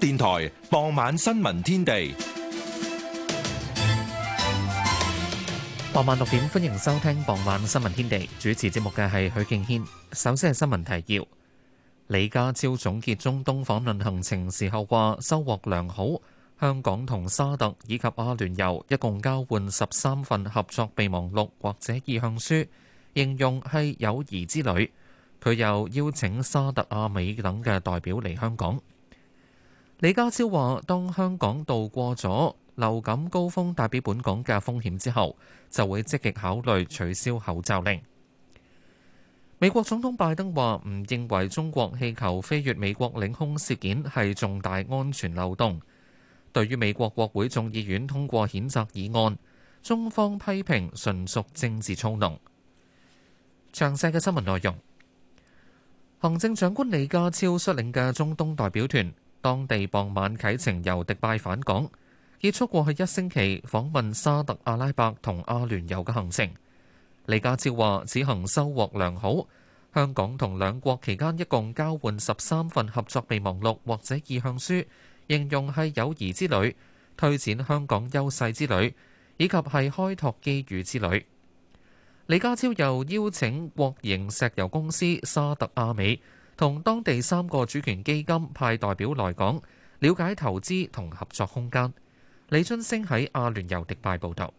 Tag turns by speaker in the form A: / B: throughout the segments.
A: 電台傍晚新聞天地，
B: 傍晚六點，歡迎收聽傍晚新聞天地。主持節目嘅係許敬軒。首先係新聞提要。李家超總結中東訪問行程時候話，收穫良好。香港同沙特以及阿聯酋一共交換十三份合作備忘錄或者意向書，形容係友誼之旅。佢又邀請沙特、阿美等嘅代表嚟香港。李家超話，當香港度過咗流感高峰，代表本港嘅風險之後，就會積極考慮取消口罩令。美國總統拜登話唔認為中國氣球飛越美國領空事件係重大安全漏洞。對於美國國會眾議院通過譴責議案，中方批評純屬政治操弄。詳細嘅新聞內容，行政長官李家超率領嘅中東代表團。當地傍晚啟程由迪拜返港，結束過去一星期訪問沙特阿拉伯同阿聯酋嘅行程。李家超話此行收穫良好，香港同兩國期間一共交換十三份合作備忘錄或者意向書，形容係友誼之旅、推展香港優勢之旅以及係開拓機遇之旅。李家超又邀請國營石油公司沙特阿美。同當地三個主權基金派代表來港，了解投資
C: 同合作空間。李春升喺阿聯酋迪拜報道，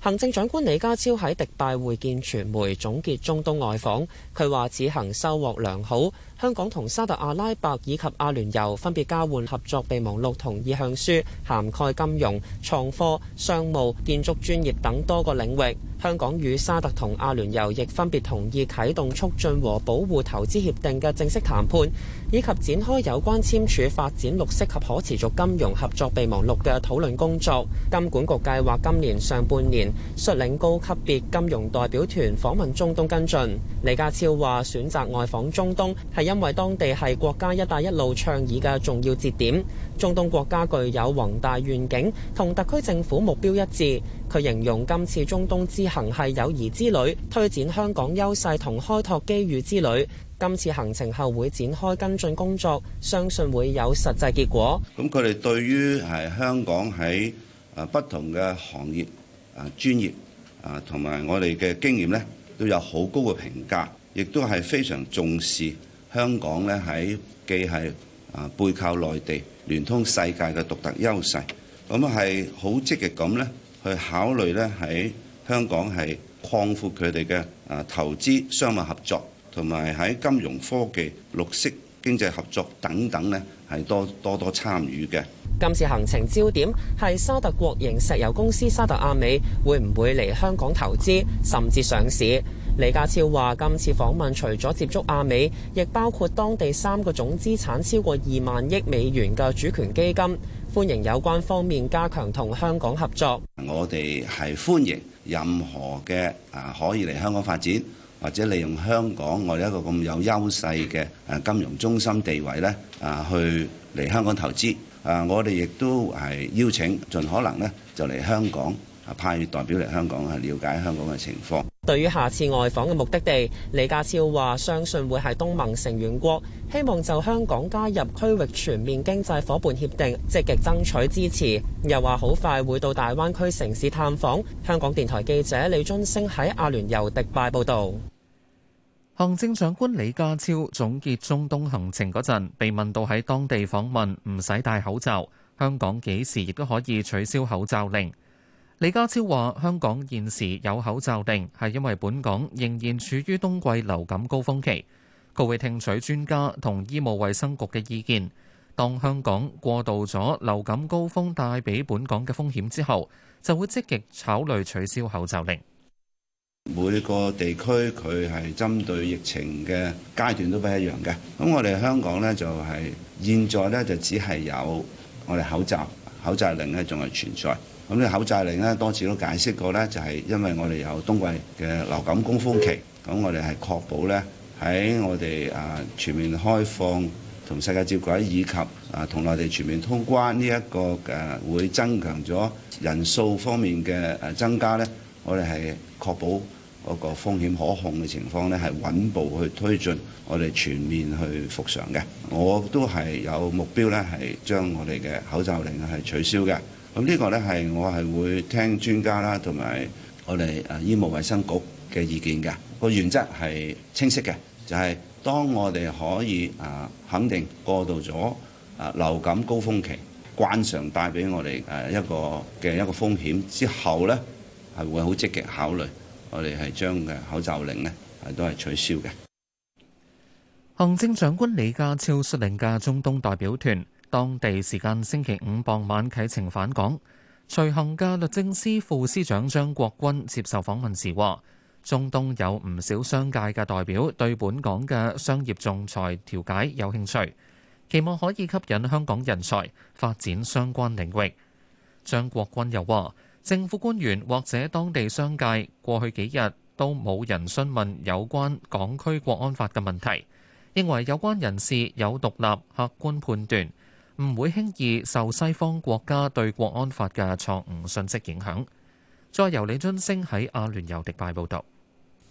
C: 行政長官李家超喺迪拜會見傳媒，總結中東外訪，佢話此行收穫良好。香港同沙特阿拉伯以及阿聯酋分別交換合作備忘錄同意向書，涵蓋金融、創科、商務、建築專業等多個領域。香港與沙特同阿聯酋亦分別同意啟動促進和保護投資協定嘅正式談判，以及展開有關簽署發展綠色及可持續金融合作備忘錄嘅討論工作。金管局計劃今年上半年率領高級別金融代表團訪問中東跟進，李家超話選擇外訪中東係因因為當地係國家“一帶一路”倡議嘅重要節點，中東國家具有宏大願景，同特區政府目標一致。佢形容今次中東之行係友誼之旅、推展香港優勢同開拓機遇之旅。今次行程後會展開跟進工作，相信會有實際結果。
D: 咁佢哋對於係香港喺不同嘅行業啊專業同埋我哋嘅經驗呢，都有好高嘅評價，亦都係非常重視。香港呢喺既係啊背靠內地、聯通世界嘅獨特優勢，咁係好積極咁呢去考慮呢喺香港係擴闊佢哋嘅啊投資、商務合作，同埋喺金融科技、綠色經濟合作等等呢係多多多參與嘅。
C: 今次行程焦點係沙特國營石油公司沙特阿美會唔會嚟香港投資，甚至上市？李家超話今次訪問除咗接觸阿美，亦包括當地三個總資產超過二萬億美元嘅主權基金，歡迎有關方面加強同香港合作。
D: 我哋係歡迎任何嘅啊可以嚟香港發展，或者利用香港我哋一個咁有優勢嘅誒金融中心地位咧啊，去嚟香港投資啊，我哋亦都係邀請盡可能咧就嚟香港啊派代表嚟香港去了解香港嘅情況。
C: 對於下次外訪嘅目的地，李家超話相信會係東盟成員國，希望就香港加入區域全面經濟夥伴協定積極爭取支持。又話好快會到大灣區城市探訪。香港電台記者李津星喺阿聯酋迪拜報道。
B: 行政長官李家超總結中東行程嗰陣，被問到喺當地訪問唔使戴口罩，香港幾時亦都可以取消口罩令？李家超話：香港現時有口罩令，係因為本港仍然處於冬季流感高峰期，佢會聽取專家同醫務衛生局嘅意見。當香港過渡咗流感高峰帶俾本港嘅風險之後，就會積極考慮取消口罩令。
D: 每個地區佢係針對疫情嘅階段都不一樣嘅。咁我哋香港呢就係現在呢就只係有我哋口罩口罩令呢仲係存在。咁呢口罩令咧，多次都解釋過咧，就係因為我哋有冬季嘅流感高峰期，咁我哋係確保咧喺我哋啊全面開放同世界接軌，以及啊同內地全面通關呢一個誒會增強咗人數方面嘅誒增加咧，我哋係確保嗰個風險可控嘅情況咧，係穩步去推進我哋全面去復常嘅。我都係有目標咧，係將我哋嘅口罩令係取消嘅。咁呢個呢，係我係會聽專家啦，同埋我哋誒醫務衛生局嘅意見嘅。個原則係清晰嘅，就係當我哋可以誒肯定過渡咗誒流感高峰期慣常帶俾我哋誒一個嘅一個風險之後，呢係會好積極考慮，我哋係將嘅口罩令呢，係都係取消嘅。
B: 行政長官李家超率領嘅中東代表團。當地時間星期五傍晚啟程返港，隨行嘅律政司副司長張國鈞接受訪問時話，中東有唔少商界嘅代表對本港嘅商業仲裁調解有興趣，期望可以吸引香港人才發展相關領域。張國鈞又話，政府官員或者當地商界過去幾日都冇人詢問有關港區國安法嘅問題，認為有關人士有獨立客觀判斷，唔會輕易受西方國家對國安法嘅錯誤信息影響。再由李津升喺阿
C: 聯酋迪拜報導。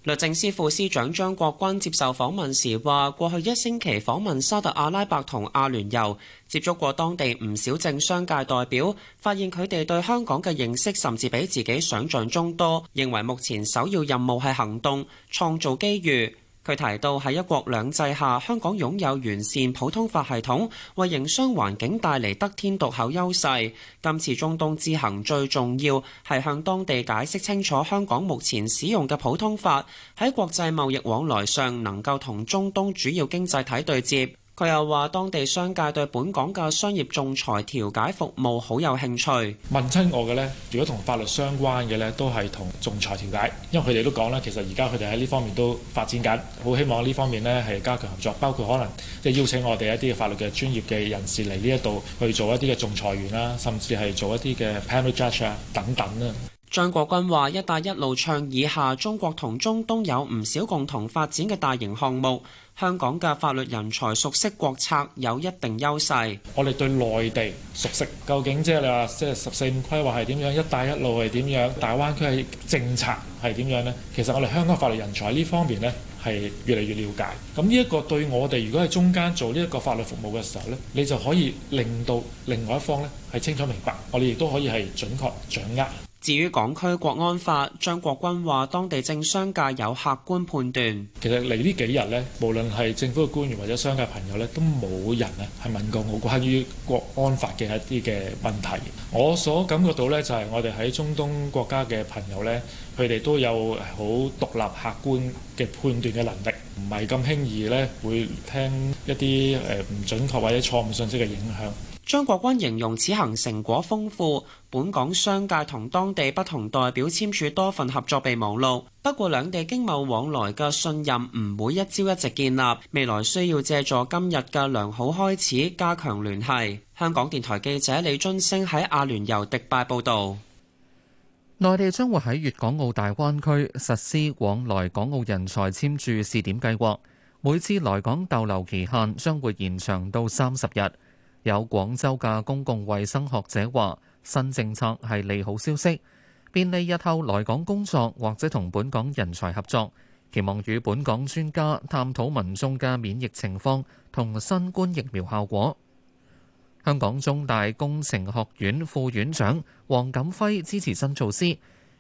C: 律政司副司長張國鈞接受訪問時話，過去一星期訪問沙特阿拉伯同阿聯酋，接觸過當地唔少政商界代表，發現佢哋對香港嘅認識甚至比自己想象中多，認為目前首要任務係行動，創造機遇。佢提到喺一國兩制下，香港擁有完善普通法系統，為營商環境帶嚟得天獨厚優勢。今次中東之行最重要係向當地解釋清楚，香港目前使用嘅普通法喺國際貿易往來上能夠同中東主要經濟體對接。佢又話：當地商界對本港嘅商業仲裁調解服務好有興趣。問親我嘅咧，如果同法律相關嘅咧，都係同仲裁調解，
A: 因為佢哋都講啦。其實而家佢哋喺呢方面都發展緊，好希望呢方面咧係加強合作，包括可能即係邀請我哋一啲法律嘅專業嘅人士嚟呢一度去做一啲嘅仲裁員啦，
C: 甚至係做一啲嘅 panel judge 啊等等啦。張國軍話，一帶一路倡議下，中國同中東有唔少共同發展嘅大型項目。香港嘅法律人才熟悉國策，有一定優勢。我哋對內地熟悉，究
A: 竟即係你話即係十四五規劃係點樣？一帶一路係點樣？大灣區係政策係點樣呢？其實我哋香港法律人才呢方面呢係越嚟越了解。咁呢一個對我哋如果喺中間做呢一個法律服務嘅時候呢，你就可以令到另外一方呢係
C: 清楚明白，我哋亦都可以係準確掌握。至於港區國安法，張國鈞話：當地政商界有客觀判斷。其實嚟呢幾日呢，無論係政府嘅官
A: 員或者商界朋友呢，都冇人咧係問過我關於國安法嘅一啲嘅問題。我所感覺到呢，就係我哋喺中東國家嘅朋友呢，佢哋都有好獨立客觀嘅判斷嘅能力，唔係咁輕易呢會
C: 聽一啲誒唔準確或者錯誤信息嘅影響。張國軍形容此行成果豐富，本港商界同當地不同代表簽署多份合作備忘錄。不過兩地經貿往來嘅信任唔會一朝一夕建立，未來需要借助今日嘅良好開始加強聯繫。香港電台記者李津升喺阿聯酋迪拜報道，
B: 內地將會喺粵港澳大灣區實施往來港澳人才簽注試點計劃，每次來港逗留期限將會延長到三十日。有廣州嘅公共衛生學者話，新政策係利好消息，便利日後來港工作或者同本港人才合作，期望與本港專家探討民眾嘅免疫情況同新冠疫苗效果。香港中大工程學院副院長黃錦輝支持新措施，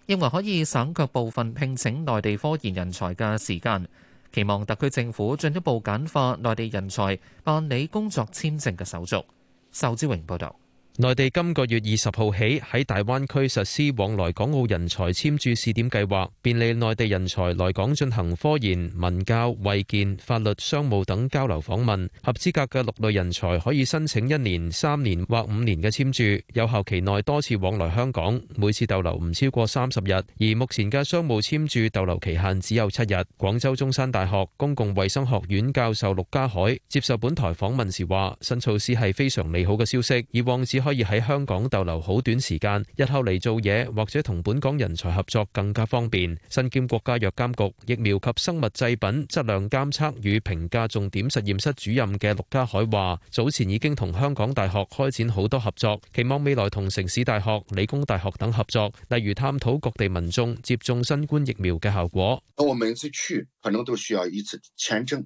B: 認為可以省卻部分聘請內地科研人才嘅時間。期望特區政府進一步簡化
E: 內地人才辦理工作簽證嘅手續。仇志榮報道。內地今個月二十號起喺大灣區實施往來港澳人才簽注試點計劃，便利內地人才來港進行科研、文教、衛健、法律、商務等交流訪問。合資格嘅六類人才可以申請一年、三年或五年嘅簽注，有效期內多次往來香港，每次逗留唔超過三十日。而目前嘅商務簽注逗留期限只有七日。廣州中山大學公共衛生學院教授陸家海接受本台訪問時話，新措施係非常利好嘅消息，以往只。可以喺香港逗留好短時間，日後嚟做嘢或者同本港人才合作更加方便。身兼國家藥監局疫苗及生物製品質量監測與評價重點實驗室主任嘅陸家海話：早前已經同香港大學開展好多合作，期望未來同城市大學、理工大學等合作，例如探討各地民眾接種新冠疫苗嘅效果。
D: 我每次去可能都需要一次簽證。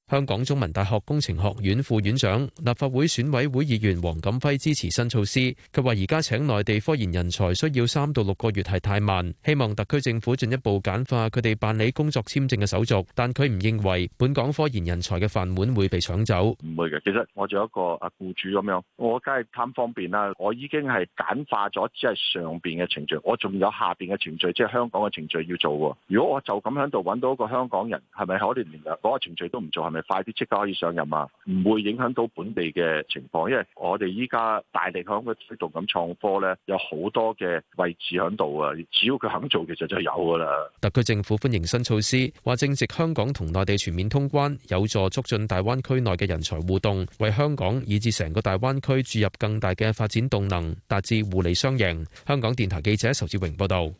E: 香港中文大學工程學院副院長、立法會選委會議員黃錦輝支持新措施。佢話：而家請內地科研人才需要三到六個月係太慢，希望特區政府進一步簡化佢哋辦理工作簽證嘅手續。但佢唔認為本港科研人才嘅飯碗會被搶走。唔
A: 會嘅，其實我做一個啊僱主咁樣，我梗係貪方便啦。我已經係簡化咗，只係上邊嘅程序，我仲有下邊嘅程序，即係香港嘅程序要做。如果我就咁響度揾到一個香港人，係咪可以連嗰個程序都唔做？係咪？快啲即刻可以上任啊，唔會影響到本地嘅情況，因為我哋依家大力響個推動咁創科咧，有好多嘅位置響度啊，只要佢肯做，其實就有噶啦。
E: 特區政府歡迎新措施，話正值香港同內地全面通關，有助促進大灣區內嘅人才互動，為香港以至成個大灣區注入更大嘅發展動能，達至互利雙贏。香港電台記者仇志榮報道。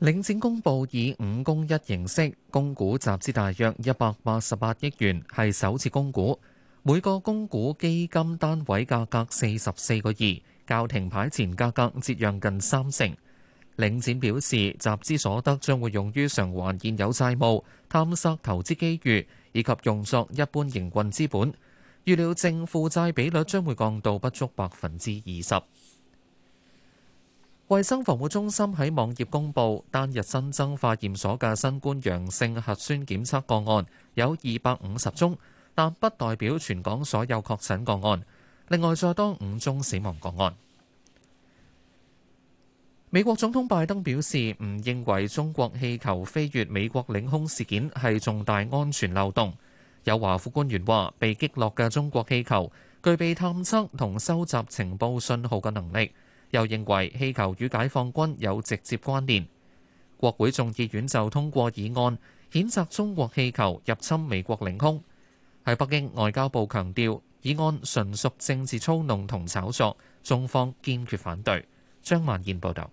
B: 領展公佈以五供一形式供股集資大約一百八十八億元，係首次供股。每個供股基金單位價格四十四個二，較停牌前價格折讓近三成。領展表示，集資所得將會用於償還現有債務、探索投資機遇以及用作一般營運資本。預料淨負債比率將會降到不足百分之二十。衛生防護中心喺網頁公布單日新增化驗所嘅新冠陽性核酸檢測個案有二百五十宗，但不代表全港所有確診個案。另外再多五宗死亡個案。美國總統拜登表示，唔認為中國氣球飛越美國領空事件係重大安全漏洞。有華府官員話，被擊落嘅中國氣球具備探測同收集情報信號嘅能力。又認為氣球與解放軍有直接關聯。國會眾議院就通過議案，譴責中國氣球入侵美國領空。喺北京，外交部強調議案純屬政治操弄同炒作，中方堅決反對。張萬燕報道。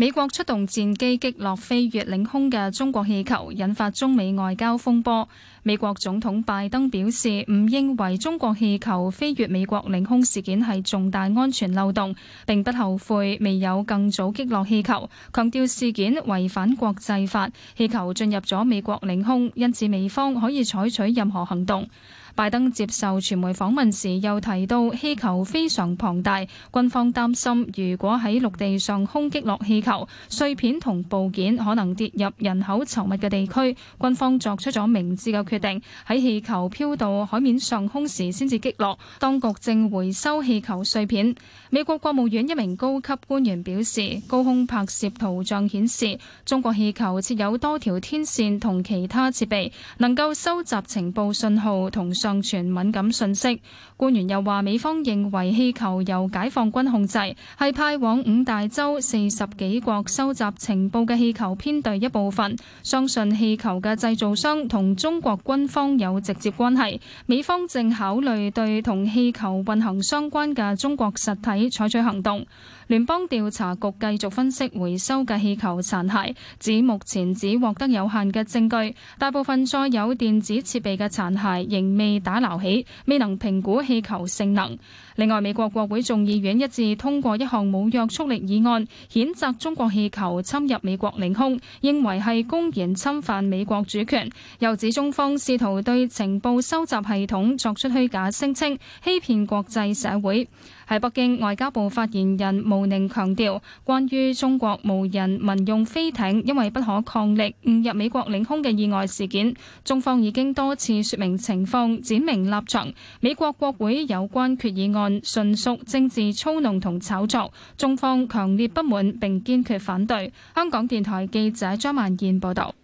F: 美國出動戰機擊落飛越領空嘅中國氣球，引發中美外交風波。美國總統拜登表示，唔認為中國氣球飛越美國領空事件係重大安全漏洞，並不後悔未有更早擊落氣球。強調事件違反國際法，氣球進入咗美國領空，因此美方可以採取任何行動。拜登接受傳媒訪問時又提到氣球非常龐大，軍方擔心如果喺陸地上空擊落氣球，碎片同部件可能跌入人口稠密嘅地區，軍方作出咗明智嘅決定，喺氣球飄到海面上空時先至擊落。當局正回收氣球碎片。美國國務院一名高級官員表示，高空拍攝圖像顯示中國氣球設有多條天線同其他設備能夠收集情報信號同。上傳敏感信息。官員又話，美方認為氣球由解放軍控制，係派往五大洲四十幾國收集情報嘅氣球編隊一部分，相信氣球嘅製造商同中國軍方有直接關係。美方正考慮對同氣球運行相關嘅中國實體採取行動。聯邦調查局繼續分析回收嘅氣球殘骸，指目前只獲得有限嘅證據，大部分載有電子設備嘅殘骸仍未打撈起，未能評估。氣球性能。另外，美國國會眾議院一致通過一項冇約束力議案，譴責中國氣球侵入美國領空，認為係公然侵犯美國主權。又指中方試圖對情報收集系統作出虛假聲稱，欺騙國際社會。喺北京，外交部發言人毛寧強調，關於中國無人民用飛艇因為不可抗力誤入美國領空嘅意外事件，中方已經多次説明情況，展明立場。美國國會有關決議案，純屬政治操弄同炒作，中方強烈不滿並堅決反對。香港電台記者張萬燕報道：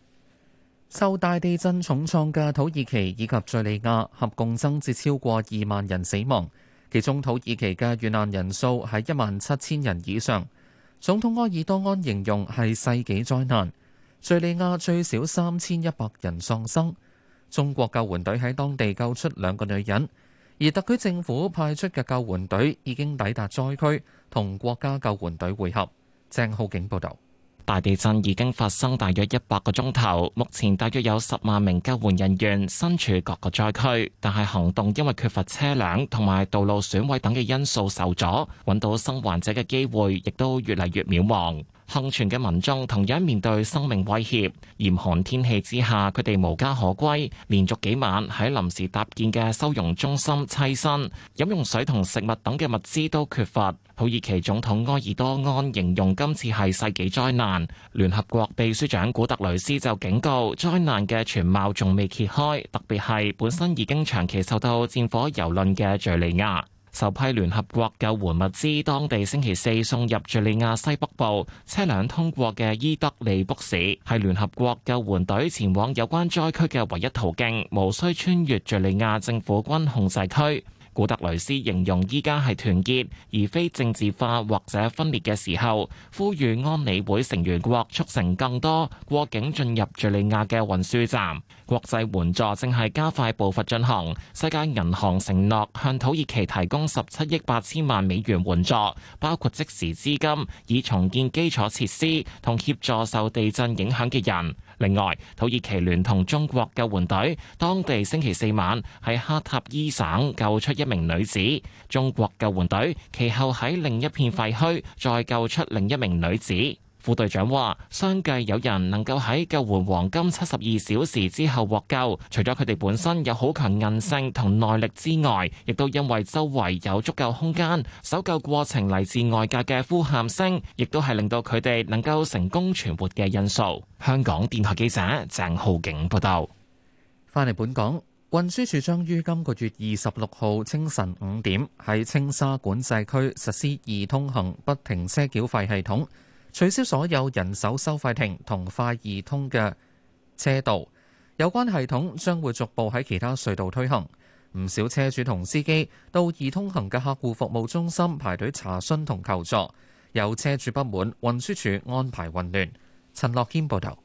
F: 受
B: 大地震重創嘅土耳其以及敘利亞合共增至超過二萬人死亡，其中土耳其嘅遇難人數喺一萬七千人以上。總統埃爾多安形容係世紀災難。敘利亞最少三千一百人喪生。中國救援隊喺當地救出兩個女人。而特區政府派出嘅救援隊已經抵達災區，同國家救援隊會合。鄭浩景報道：大地震已經發生大約一百個鐘頭，目前大約有
G: 十萬名救援人員身處各個災區，但係行動因為缺乏車輛同埋道路損毀等嘅因素受阻，揾到生還者嘅機會亦都越嚟越渺茫。幸存嘅民眾同樣面對生命威脅，嚴寒天氣之下，佢哋無家可歸，連續幾晚喺臨時搭建嘅收容中心棲身，飲用水同食物等嘅物資都缺乏。土耳其總統埃爾多安形容今次係世紀災難，聯合國秘書長古特雷斯就警告，災難嘅全貌仲未揭開，特別係本身已經長期受到戰火蹂躪嘅敘利亞。首批聯合國救援物資，當地星期四送入敘利亞西北部，車輛通過嘅伊德利卜市，係聯合國救援隊前往有關災區嘅唯一途徑，無需穿越敘利亞政府軍控制區。古特雷斯形容依家係團結，而非政治化或者分裂嘅時候，呼籲安理會成員國促成更多過境進入敘利亞嘅運輸站。國際援助正係加快步伐進行。世界銀行承諾向土耳其提供十七億八千萬美元援助，包括即時資金以重建基礎設施同協助受地震影響嘅人。另外，土耳其聯同中國救援隊，當地星期四晚喺哈塔伊省救出一名女子。中國救援隊其後喺另一片廢墟再救出另一名女子。副隊長話，相繼有人能夠喺救援黃金七十二小時之後獲救，除咗佢哋本身有好強韌性同耐力之外，亦都因為周圍有足夠空間，搜救過程嚟自外界嘅呼喊聲，亦都係令到佢哋能夠成功存活嘅因素。香港電台記者鄭浩景報
B: 道。翻嚟本港，運輸署將於今個月二十六號清晨五點喺青沙管制區實施易通行不停車繳費系統。取消所有人手收費亭同快易通嘅車道，有關系統將會逐步喺其他隧道推行。唔少車主同司機到易通行嘅客戶服務中心排隊查詢同求助，有車主不滿
H: 運輸署安排混亂，陳樂謙報道。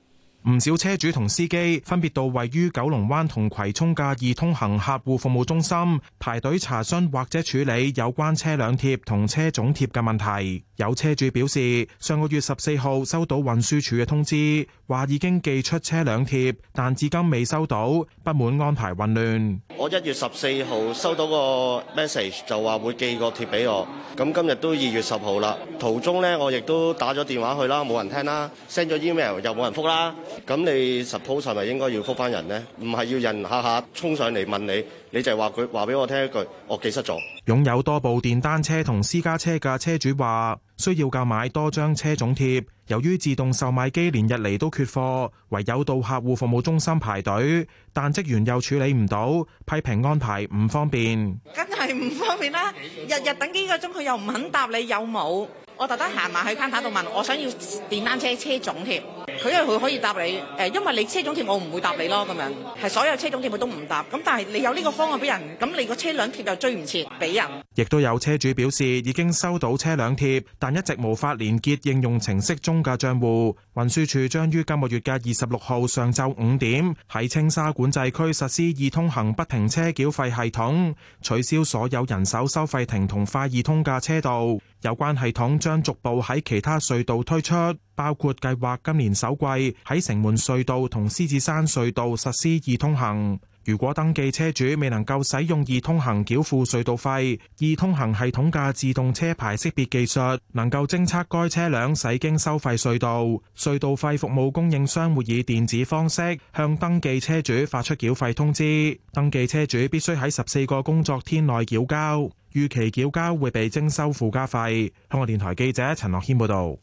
H: 唔少車主同司機分別到位於九龍灣同葵涌嘅易通行客戶服務中心排隊查詢或者處理有關車輛貼同車總貼嘅問題。有車主表示，上個月十四號收到運輸署嘅通知，話已經寄出車輛貼，但至今未收到，不滿安排混亂。
B: 我一月十四號收到個 message 就話會寄個貼俾我，咁今日都二月十號啦。途中呢，我亦都打咗電話去啦，冇人聽啦。send 咗 email 又冇人覆啦。咁你 suppose 係咪應該要覆翻人呢？唔係要人下下衝上嚟問你？你就係話佢話俾我聽一句，我記失咗。
H: 擁有多部電單車同私家車嘅車主話，需要購買多張車種貼。由於自動售賣機連日嚟都缺貨，唯有到客戶服務中心排隊，但職員又處理唔到，批評安排唔方便。
C: 梗係唔方便啦！日日等幾個鐘，佢又唔肯答你有冇。我特登行埋去攤攤度問，我想要電單車車種貼，佢因為佢可以答你，誒，因為你車種貼我唔會答你咯，咁樣係所有車種貼佢都唔答。咁但係你有呢個方案俾人，咁你個車輛貼就追唔切俾人。
H: 亦都有車主表示已經收到車輛貼，但一直無法連結應用程式中嘅賬戶。運輸署將於今個月嘅二十六號上晝五點喺青沙管制區實施易通行不停車繳費系統，取消所有人手收費亭同快易通嘅車道。有關系統將逐步喺其他隧道推出，包括計劃今年首季喺城門隧道同獅子山隧道實施易通行。如果登記車主未能夠使用易通行繳付隧道費，易通行系統嘅自動車牌識別技術能夠偵測該車輛駛經收費隧道，隧道費服務供應商會以電子方式向登記車主發出繳費通知。登記車主必須喺十四個工作天內繳交，逾期繳交會被徵收附加費。香港電台記者陳樂謙報道。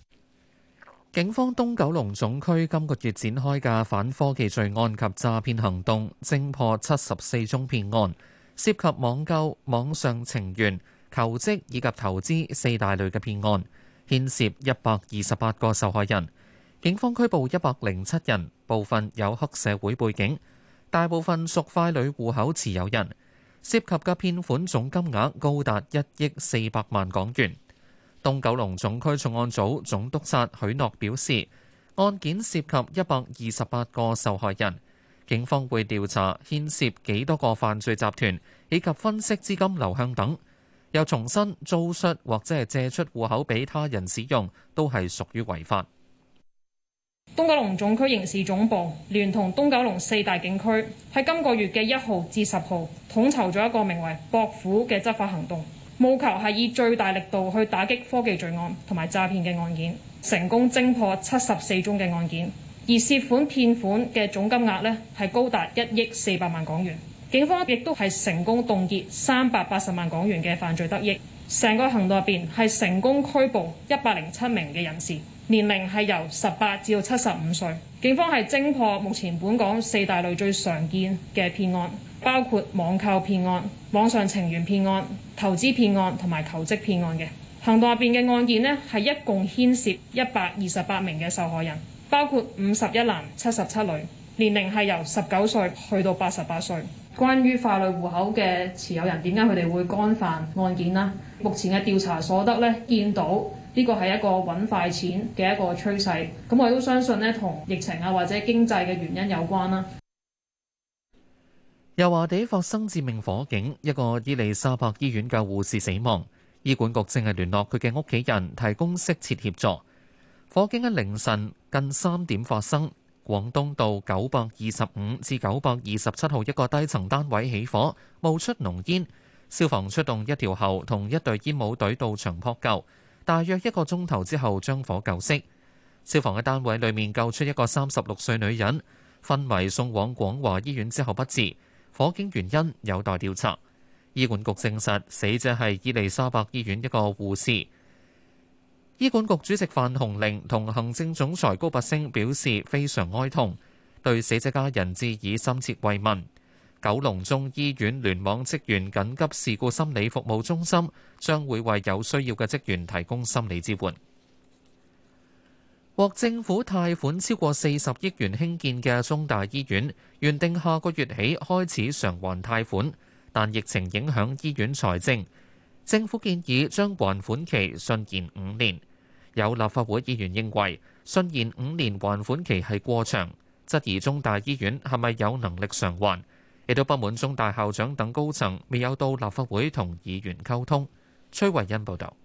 B: 警方東九龍總區今個月展開嘅反科技罪案及詐騙行動，偵破七十四宗騙案，涉及網購、網上情緣、求職以及投資四大類嘅騙案，牽涉一百二十八個受害人。警方拘捕一百零七人，部分有黑社會背景，大部分屬傀儡戶口持有人，涉及嘅騙款總金額高達一億四百萬港元。東九龍總區重案組總督察許諾表示，案件涉及一百二十八個受害人，警方會調查牽涉幾多個犯罪集團，以及分析資金流向等。又重申租出或者係借出戶口俾他人使用都係屬於違法。
I: 東九龍總區刑事總部，連同東九龍四大警區，喺今個月嘅一號至十號，統籌咗一個名為博府嘅執法行動。務求係以最大力度去打擊科技罪案同埋詐騙嘅案件，成功偵破七十四宗嘅案件，而涉款騙款嘅總金額呢，係高達一億四百萬港元。警方亦都係成功凍結三百八十萬港元嘅犯罪得益。成個行動入邊係成功拘捕一百零七名嘅人士，年齡係由十八至到七十五歲。警方係偵破目前本港四大類最常見嘅騙案，包括網購騙案、網上情緣騙案。投資騙案同埋求職騙案嘅行動入邊嘅案件呢，係一共牽涉一百二十八名嘅受害人，包括五十一男七十七女，年齡係由十九歲去到八十八歲。關於傀儡戶口嘅持有人點解佢哋會干犯案件呢？目前嘅調查所得呢，見到呢個係一個揾快錢嘅一個趨勢，咁我都相信呢，同疫情啊或者經濟嘅原因有關啦、啊。
B: 油麻地發生致命火警，一個伊利沙伯醫院嘅護士死亡。醫管局正係聯絡佢嘅屋企人，提供適切協助。火警喺凌晨近三點發生，廣東道九百二十五至九百二十七號一個低層單位起火，冒出濃煙。消防出動一條喉同一隊煙帽隊到場撲救。大約一個鐘頭之後，將火救熄。消防喺單位裡面救出一個三十六歲女人，昏迷送往廣華醫院之後不治。火警原因有待調查。醫管局證實死者係伊利沙伯醫院一個護士。醫管局主席范鴻齡同行政總裁高拔升表示非常哀痛，對死者家人致以深切慰問。九龍中醫院聯網職員緊急事故心理服務中心將會為有需要嘅職員提供心理支援。獲政府貸款超過四十億元興建嘅中大醫院，原定下個月起開始償還貸款，但疫情影響醫院財政，政府建議將還款期順延五年。有立法會議員認為，順延五年還款期係過長，質疑中大醫院係咪有能力償還，亦都不滿中大校長等高層未有到立法會同議員溝通。崔慧欣報道。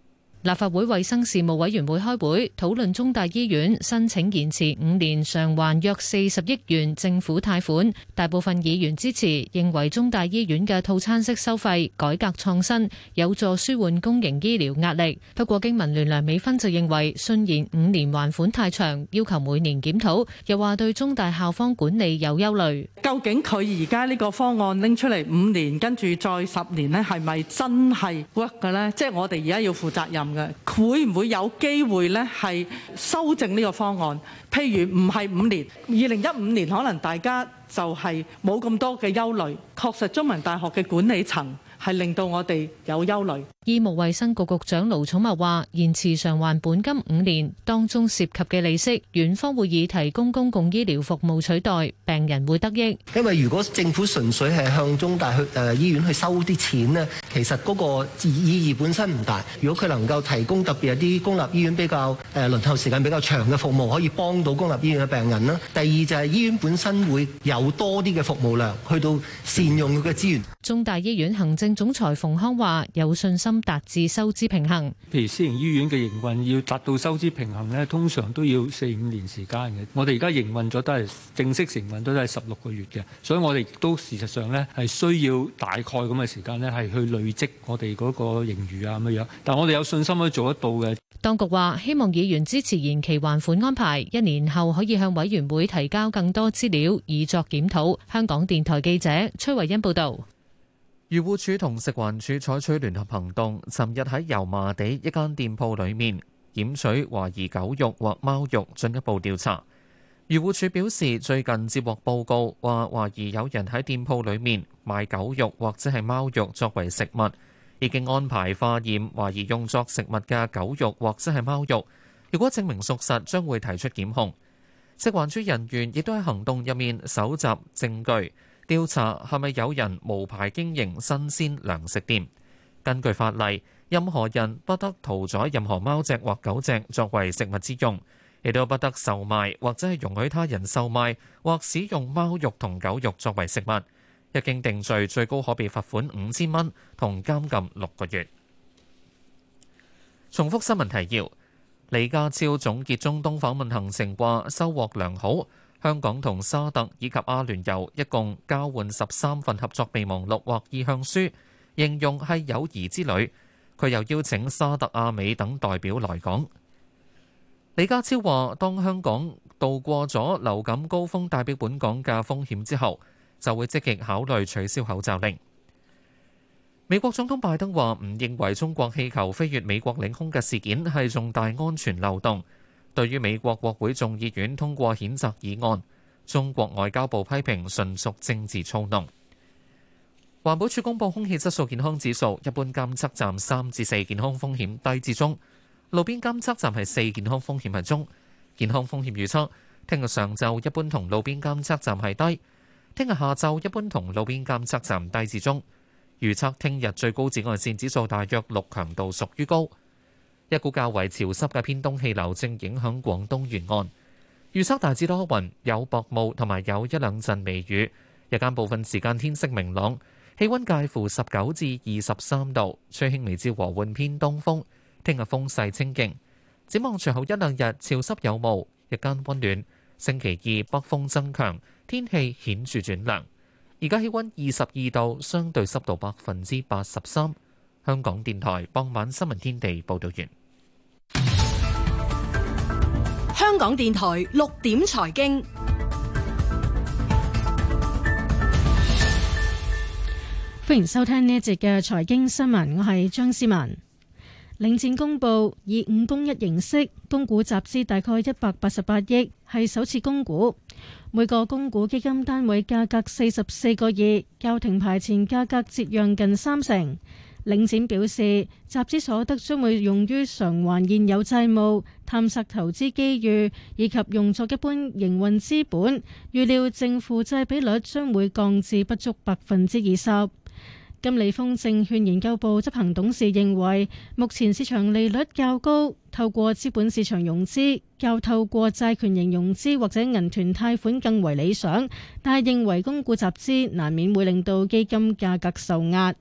J: 立法會衛生事務委員會開會討論中大醫院申請延遲五年償還約四十億元政府貸款，大部分議員支持，認為中大醫院嘅套餐式收費改革創新有助舒緩公營醫療壓力。不過，經民聯梁美芬就認為順延五年還款太長，要求每年檢討，又話對中大校方管理有憂慮。
B: 究竟佢而家呢個方案拎出嚟五年，跟住再十年呢，係咪真係 work 嘅呢？即係我哋而家要負責任。會唔會有機會咧？係修正呢個方案，譬如唔係五年，二零一五年可能大家就係冇咁多嘅憂慮。確實，中文大學嘅管理層係令到我哋有
J: 憂慮。醫務衛生局局長盧寵茂話：延遲償還本金五年，當中涉及嘅利息，院方會以提供公共醫療服務取代，病人會得益。
C: 因為如果政府純粹係向中大去誒醫院去收啲錢咧，其實嗰個意義本身唔大。如果佢能夠提供特別係啲公立醫院比較誒輪候時間比較長嘅服務，可以幫到公立醫院嘅病人啦。第二就係醫院本身會有多啲嘅服務量，去到善用佢嘅資源。嗯、
J: 中大醫院行政總裁馮康話：有信心。達至收支平衡，
B: 譬如私營醫院嘅營運要達到收支平衡呢，通常都要四五年時間嘅。我哋而家營運咗都係正式營運都係十六個月嘅，
A: 所以我哋亦都事實上呢，係需要大概咁嘅時間呢，係去累積我哋嗰個盈餘啊咁樣樣。但我哋有信心可以做得到嘅。
J: 當局話希望議員支持延期還款安排，一年後可以向委員會提交更多資料以作檢討。香港電台記者崔惠恩報道。
B: 漁護署同食環署採取聯合行動，尋日喺油麻地一間店鋪裏面檢取懷疑狗肉或貓肉，進一步調查。漁護署表示，最近接獲報告話，懷疑有人喺店鋪裏面賣狗肉或者係貓肉作為食物，已經安排化驗懷疑用作食物嘅狗肉或者係貓肉。如果證明屬實，將會提出檢控。食環署人員亦都喺行動入面搜集證據。調查係咪有人無牌經營新鮮糧食店？根據法例，任何人不得屠宰任何貓隻或狗隻作為食物之用，亦都不得售賣或者係容許他人售賣或使用貓肉同狗肉作為食物。一經定罪，最高可被罰款五千蚊同監禁六個月。重複新聞提要：李家超總結中東訪問行程話，收穫良好。香港同沙特以及阿聯酋一共交換十三份合作備忘錄或意向書，形容係友誼之旅。佢又邀請沙特、阿美等代表來港。李家超話，當香港度過咗流感高峰、帶嚟本港嘅風險之後，就會積極考慮取消口罩令。美國總統拜登話唔認為中國氣球飛越美國領空嘅事件係重大安全漏洞。對於美國國會眾議院通過譴責議案，中國外交部批評純屬政治操弄。環保署公布空氣質素健康指數，一般監測站三至四，健康風險低至中；路邊監測站係四，健康風險係中。健康風險預測：聽日上晝一般同路邊監測站係低，聽日下晝一般同路邊監測站低至中。預測聽日最高紫外線指數大約六，強度屬於高。一股較為潮濕嘅偏東氣流正影響廣東沿岸，預測大致多雲，有薄霧，同埋有一兩陣微雨。日間部分時間天色明朗，氣温介乎十九至二十三度，吹輕微至和緩偏東風。聽日風勢清勁。展望隨後一兩日潮濕有霧，日間温暖。星期二北風增強，天氣顯著轉涼。而家氣温二十二度，相對濕度百分之八十三。香港電台傍晚新聞天地報導完。
K: 香港電台六點財經，歡迎收聽呢一節嘅財經新聞，我係張思文。領展公佈以五供一形式供股集資，大概一百八十八億，係首次供股。每個供股基金單位價格四十四個二，較停牌前價格折讓近三成。領展表示，集資所得將會用於償還現有債務、探索投資機遇以及用作一般營運資本。預料淨負債比率將會降至不足百分之二十。金利豐證券研究部執行董事認為，目前市場利率較高，透過資本市場融資，較透過債權型融資或者銀團貸款更為理想。但係認為，供股集資難免會令到基金價格受壓。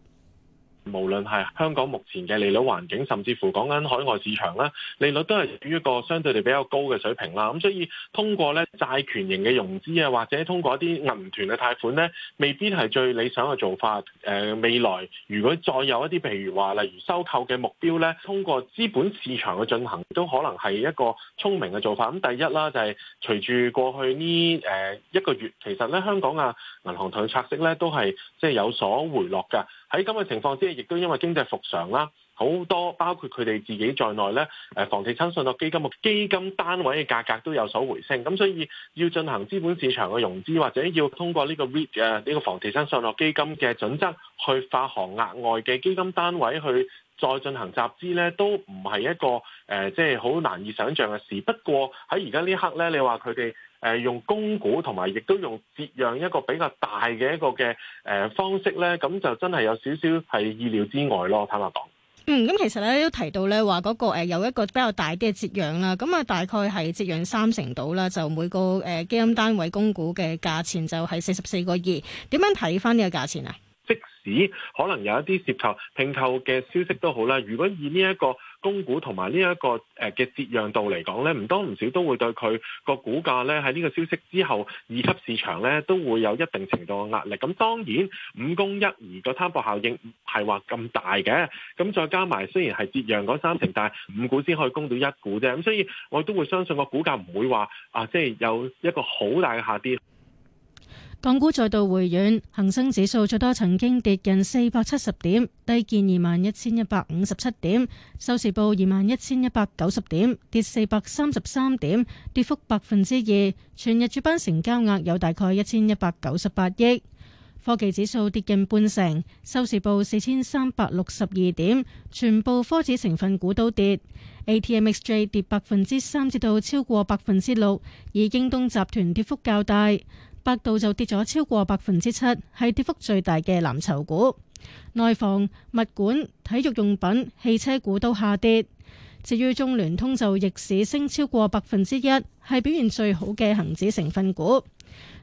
A: 無論係香港目前嘅利率環境，甚至乎講緊海外市場咧，利率都係屬於一個相對地比較高嘅水平啦。咁所以通過咧債權型嘅融資啊，或者通過一啲銀團嘅貸款咧，未必係最理想嘅做法。誒未來如果再有一啲譬如話，例如收購嘅目標咧，通過資本市場嘅進行，都可能係一個聰明嘅做法。咁第一啦，就係、是、隨住過去呢誒一個月，其實咧香港啊銀行同業拆息咧都係即係有所回落㗎。喺咁嘅情況之下，亦都因為經濟復常啦，好多包括佢哋自己在內咧，誒房地產信託基金嘅基金單位嘅價格都有所回升，咁所以要進行資本市場嘅融資，或者要通過呢個 REIT 誒呢個房地產信託基金嘅準則去發行額外嘅基金單位去再進行集資咧，都唔係一個誒即係好難以想像嘅事。不過喺而家呢一刻咧，你話佢哋，誒用供股同埋，亦都用折讓一個比較大嘅一個嘅誒方式咧，咁就真係有少少係意料之外咯。坦白講，
K: 嗯，咁其實咧都提到咧話嗰個誒有一個比較大啲嘅折讓啦，咁啊大概係折讓三成度啦，就每個誒基金單位供股嘅價錢就係四十四個二。點樣睇翻呢個價錢啊？
A: 即使可能有一啲涉及拼購嘅消息都好啦，如果以呢一個供股同埋呢一個誒嘅折讓度嚟講，咧，唔多唔少都會對佢個股價咧喺呢個消息之後二級市場咧都會有一定程度嘅壓力。咁當然五供一而個攤薄效應唔係話咁大嘅，咁再加埋雖然係折讓嗰三成，但係五股先可以供到一股啫，咁所以我都會相信個股價唔會話啊，即係有一個好大嘅下跌。
K: 港股再度回軟，恒生指數最多曾經跌近四百七十點，低見二萬一千一百五十七點，收市報二萬一千一百九十點，跌四百三十三點，跌幅百分之二。全日主板成交額有大概一千一百九十八億。科技指數跌近半成，收市報四千三百六十二點，全部科指成分股都跌，A T M X J 跌百分之三，至到超過百分之六，以京東集團跌幅較大。百度就跌咗超過百分之七，係跌幅最大嘅藍籌股。內房、物管、體育用品、汽車股都下跌。至於中聯通就逆市升超過百分之一，係表現最好嘅恒指成分股。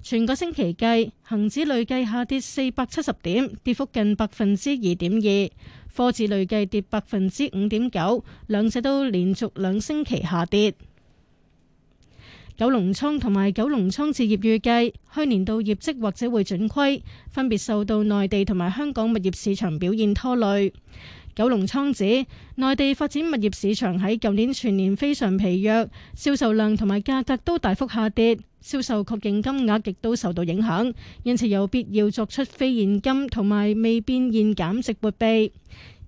K: 全個星期計，恒指累計下跌四百七十點，跌幅近百分之二點二。科指累計跌百分之五點九，兩者都連續兩星期下跌。九龍倉同埋九龍倉置業預計去年度業績或者會轉虧，分別受到內地同埋香港物業市場表現拖累。九龍倉指內地發展物業市場喺舊年全年非常疲弱，銷售量同埋價格都大幅下跌，銷售確認金額亦都受到影響，因此有必要作出非現金同埋未變現減值撥備。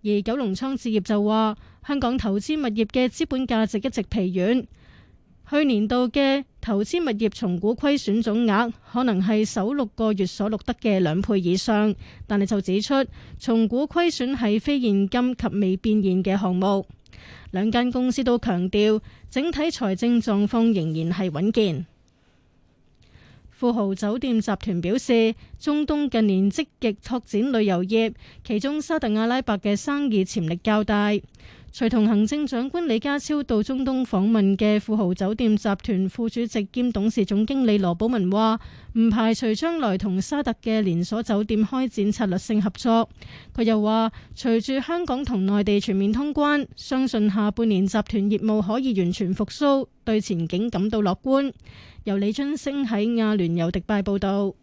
K: 而九龍倉置業就話，香港投資物業嘅資本價值一直疲軟。去年度嘅投資物業重估虧損總額可能係首六個月所錄得嘅兩倍以上，但係就指出，重估虧損係非現金及未變現嘅項目。兩間公司都強調，整體財政狀況仍然係穩健。富豪酒店集團表示，中東近年積極拓展旅遊業，其中沙特阿拉伯嘅生意潛力較大。隨同行政長官李家超到中東訪問嘅富豪酒店集團副主席兼董事總經理羅寶文話，唔排除將來同沙特嘅連鎖酒店開展策略性合作。佢又話，隨住香港同內地全面通關，相信下半年集團業務可以完全復甦，對前景感到樂觀。由李津星喺阿聯酋迪拜報道。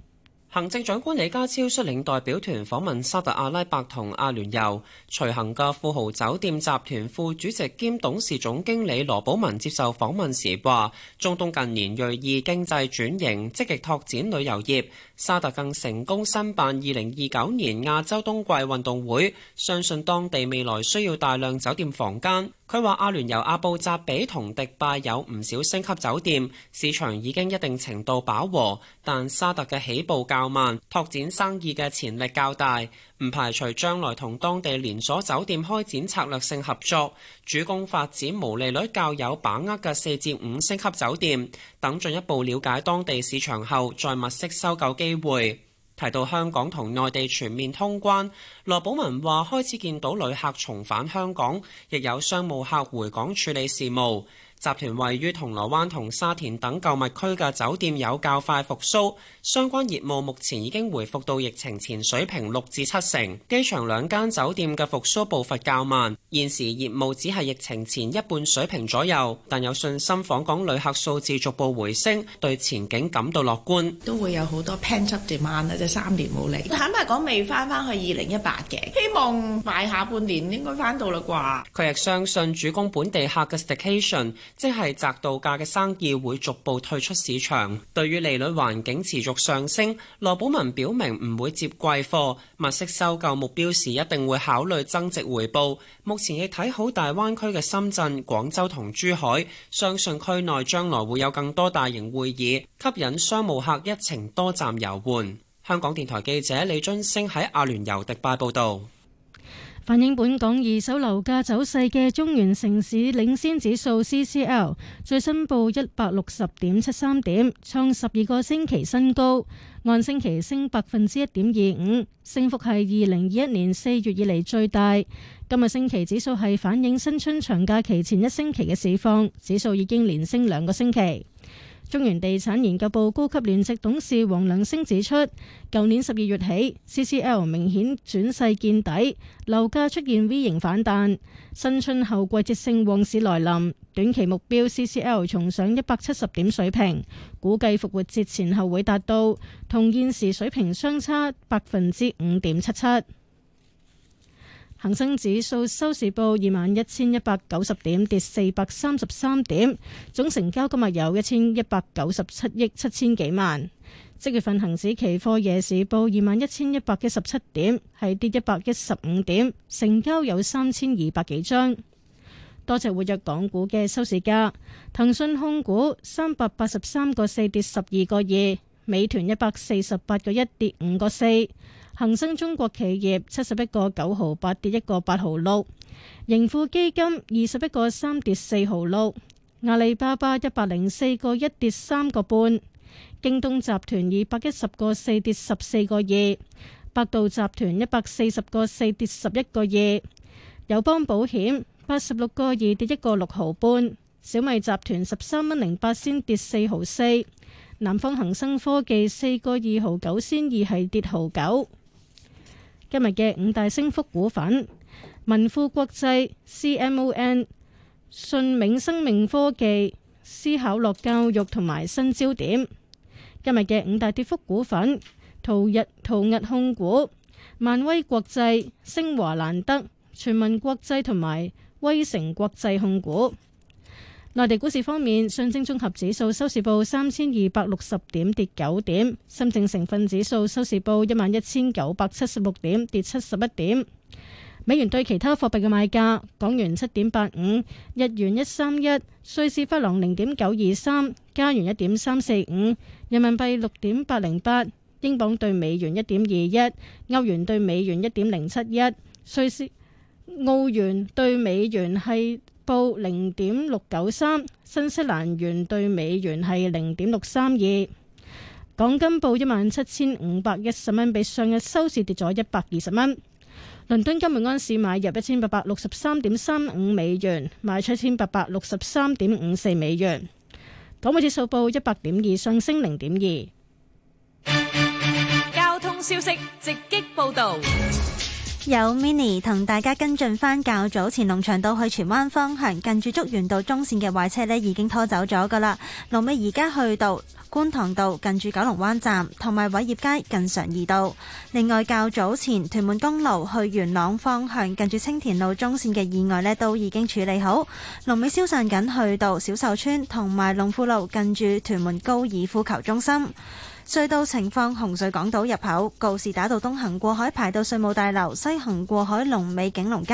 C: 行政長官李家超率領代表團訪問沙特阿拉伯同阿聯酋，隨行嘅富豪酒店集團副主席兼董事總經理羅寶文接受訪問時話：中東近年銳意經濟轉型，積極拓展旅遊業。沙特更成功申辦二零二九年亞洲冬季運動會，相信當地未來需要大量酒店房間。佢話阿聯酋阿布扎比同迪拜有唔少星級酒店，市場已經一定程度飽和，但沙特嘅起步較慢，拓展生意嘅潛力較大。唔排除將來同當地連鎖酒店開展策略性合作，主攻發展毛利率較有把握嘅四至五星級酒店。等進一步了解當地市場後，再物色收購機會。提到香港同內地全面通關，羅寶文話開始見到旅客重返香港，亦有商務客回港處理事務。集團位於銅鑼灣同沙田等購物區嘅酒店有較快復甦，相關業務目前已經回復到疫情前水平六至七成。機場兩間酒店嘅復甦步伐較慢。現時業務只係疫情前一半水平左右，但有信心訪港旅客數字逐步回升，對前景感到樂觀。都會有好多 pent-up demand 啊！即三年冇嚟，坦白講未翻翻去二零一八嘅，希望下下半年應該翻到啦啩。佢亦相信主攻本地客嘅 staycation，即係宅度假嘅生意會逐步退出市場。對於利率環境持續上升，羅寶文表明唔會接貴貨，物色收購目標時一定會考慮增值回報。目前亦睇好大灣區嘅深圳、廣州同珠海，相信區內將來會有更多大型會議，吸引商務客一程多站遊玩。香港電台記者李津升喺阿聯酋迪拜報道，
K: 反映本港二手樓價走勢嘅中原城市領先指數 CCL 最新報一百六十點七三點，創十二個星期新高，按星期升百分之一點二五，升幅係二零二一年四月以嚟最大。今日星期指數係反映新春長假期前一星期嘅市況，指數已經連升兩個星期。中原地產研究部高級聯席董事黃良昇指出，舊年十二月起，CCL 明顯轉勢見底，樓價出現 V 型反彈。新春後季節性旺市來臨，短期目標 CCL 重上一百七十點水平，估計復活節前，前後會達到，同現時水平相差百分之五點七七。恒生指數收市報二萬一千一百九十點，跌四百三十三點，總成交今日有一千一百九十七億七千幾萬。即月份恒指期貨夜市報二萬一千一百一十七點，係跌一百一十五點，成交有三千二百幾張。多隻活躍港股嘅收市價，騰訊控股三百八十三個四跌十二個二，美團一百四十八個一跌五個四。恒生中國企業七十一個九毫八跌一個八毫六，8, 8. 盈富基金二十一個三跌四毫六，阿里巴巴一百零四個一跌三個半，京東集團二百一十個四跌十四個二，百度集團一百四十個四跌十一個二，友邦保險八十六個二跌一個六毫半，小米集團十三蚊零八先跌四毫四，南方恒生科技四個二毫九先二係跌毫九。今日嘅五大升幅股份：民富國際、CMON、信銘生命科技、思考樂教育同埋新焦點。今日嘅五大跌幅股份：淘日淘日控股、萬威國際、星華蘭德、全民國際同埋威誠國際控股。內地股市方面，上證綜合指數收市報三千二百六十點，跌九點；深證成分指數收市報一萬一千九百七十六點，跌七十一點。美元對其他貨幣嘅賣價：港元七點八五，日元一三一，瑞士法郎零點九二三，加元一點三四五，人民幣六點八零八，英鎊兌美元一點二一，歐元兌美元一點零七一，瑞士澳元兌美元係。報零點六九三，新西蘭元對美元係零點六三二。港金報一萬七千五百一十蚊，比上日收市跌咗一百二十蚊。倫敦金每安市買入一千八百六十三點三五美元，賣出一千八百六十三點五四美元。港匯指數報一百點二，上升零點二。
J: 交通消息直擊報道。
L: 有 mini 同大家跟進返較早前龍翔道去荃灣方向近住竹園道中線嘅壞車咧，已經拖走咗噶啦，龍尾而家去到觀塘道近住九龍灣站同埋偉業街近常怡道。另外較早前屯門公路去元朗方向近住青田路中線嘅意外咧，都已經處理好，龍尾消散緊去到小秀村同埋龍富路近住屯門高爾夫球中心。隧道情況：紅隧港島入口告士打道東行過海排到稅務大樓，西行過海龍尾景隆街；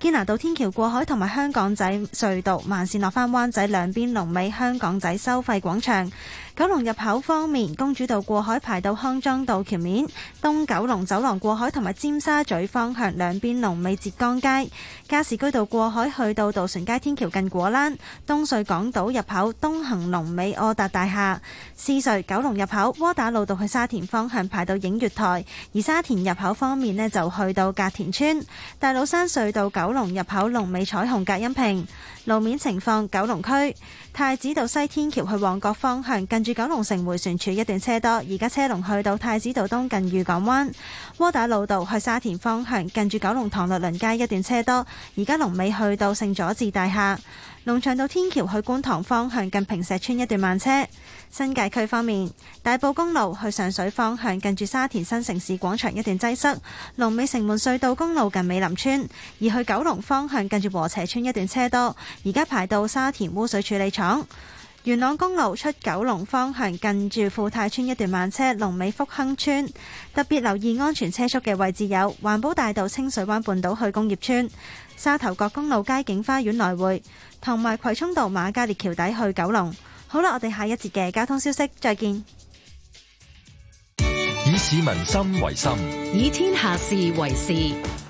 L: 堅拿道天橋過海同埋香港仔隧道慢線落翻灣仔兩邊龍尾香港仔收費廣場。九龍入口方面，公主道過海排到康莊道橋面，東九龍走廊過海同埋尖沙咀方向兩邊龍尾浙江街，加士居道過海去到渡船街天橋近果欄，東隧港島入口東行龍尾柯達大廈，獅隧九龍入口窩打老道去沙田方向排到映月台，而沙田入口方面呢就去到隔田村，大老山隧道九龍入口龍尾彩虹隔音屏。路面情況：九龍區，太子道西天橋去旺角方向，近住九龍城回旋處一段車多，而家車龍去到太子道東近御港灣。窩打老道去沙田方向，近住九龍塘律倫街一段車多，而家龍尾去到聖佐治大廈。龍翔道天橋去觀塘方向近平石村一段慢車。新界區方面，大埔公路去上水方向近住沙田新城市廣場一段擠塞，龍尾城門隧道公路近美林村，而去九龍方向近住禾輋邨一段車多，而家排到沙田污水處理廠，元朗公路出九龍方向近住富泰村一段慢車，龍尾福亨村，特別留意安全車速嘅位置有環保大道、清水灣半島去工業村。沙頭角公路街景花園來回，同埋葵涌道瑪嘉烈橋底去九龍。好啦，我哋下一節嘅交通消息再見。
A: 以市民心為心，
L: 以天下事為事。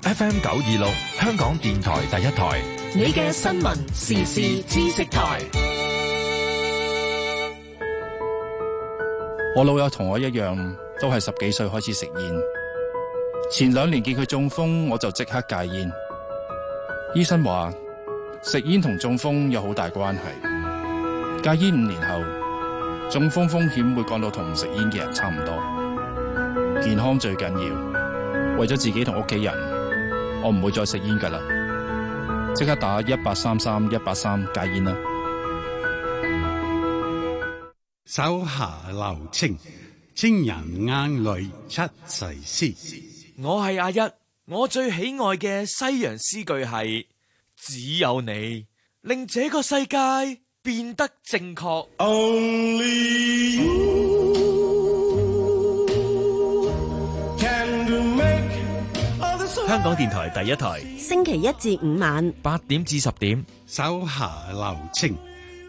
A: F. M. 九二六，香港電台第一台。
J: 你嘅新聞時事知識台。
A: 我老友同我一樣，都係十幾歲開始食煙。前兩年見佢中風，我就即刻戒煙。醫生話食煙同中風有好大關係，戒煙五年後，中風風險會降到同唔食煙嘅人差唔多。健康最緊要，為咗自己同屋企人，我唔會再食煙噶啦。即刻打一八三三一八三戒煙啦！手下留情，清人眼裏出細絲。我係阿一。我最喜愛嘅西洋詩句係，只有你
E: 令這個世界變得正確。
A: Only you 香港電台第一台，
K: 星期一至五晚
A: 八點至十點，手下留情，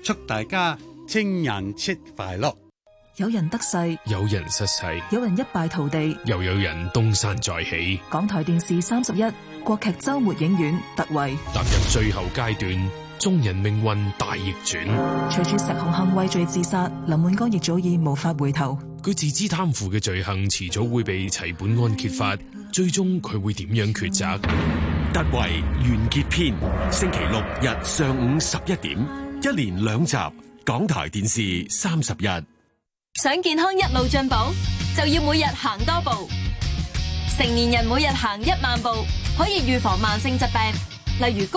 A: 祝大家情人
J: 節快樂。有人得勢，有人失勢，有人一敗塗地，又有人東山再起。港台電視三十一國劇周末影院《突圍》，
A: 德踏入最後階段，眾人命運大逆轉。
J: 隨住石紅杏畏罪自殺，林滿江亦早已無法回頭。
A: 佢自知貪腐嘅罪行遲早會被齊本安揭發，最終佢會點樣抉擇？《突圍》完結篇，星期六日上午十一點，一連兩集。港台電視三十一。
I: 想健康一路進步，就要每日行多步。
L: 成年人每日行一萬步，可以預防慢性疾病，例如。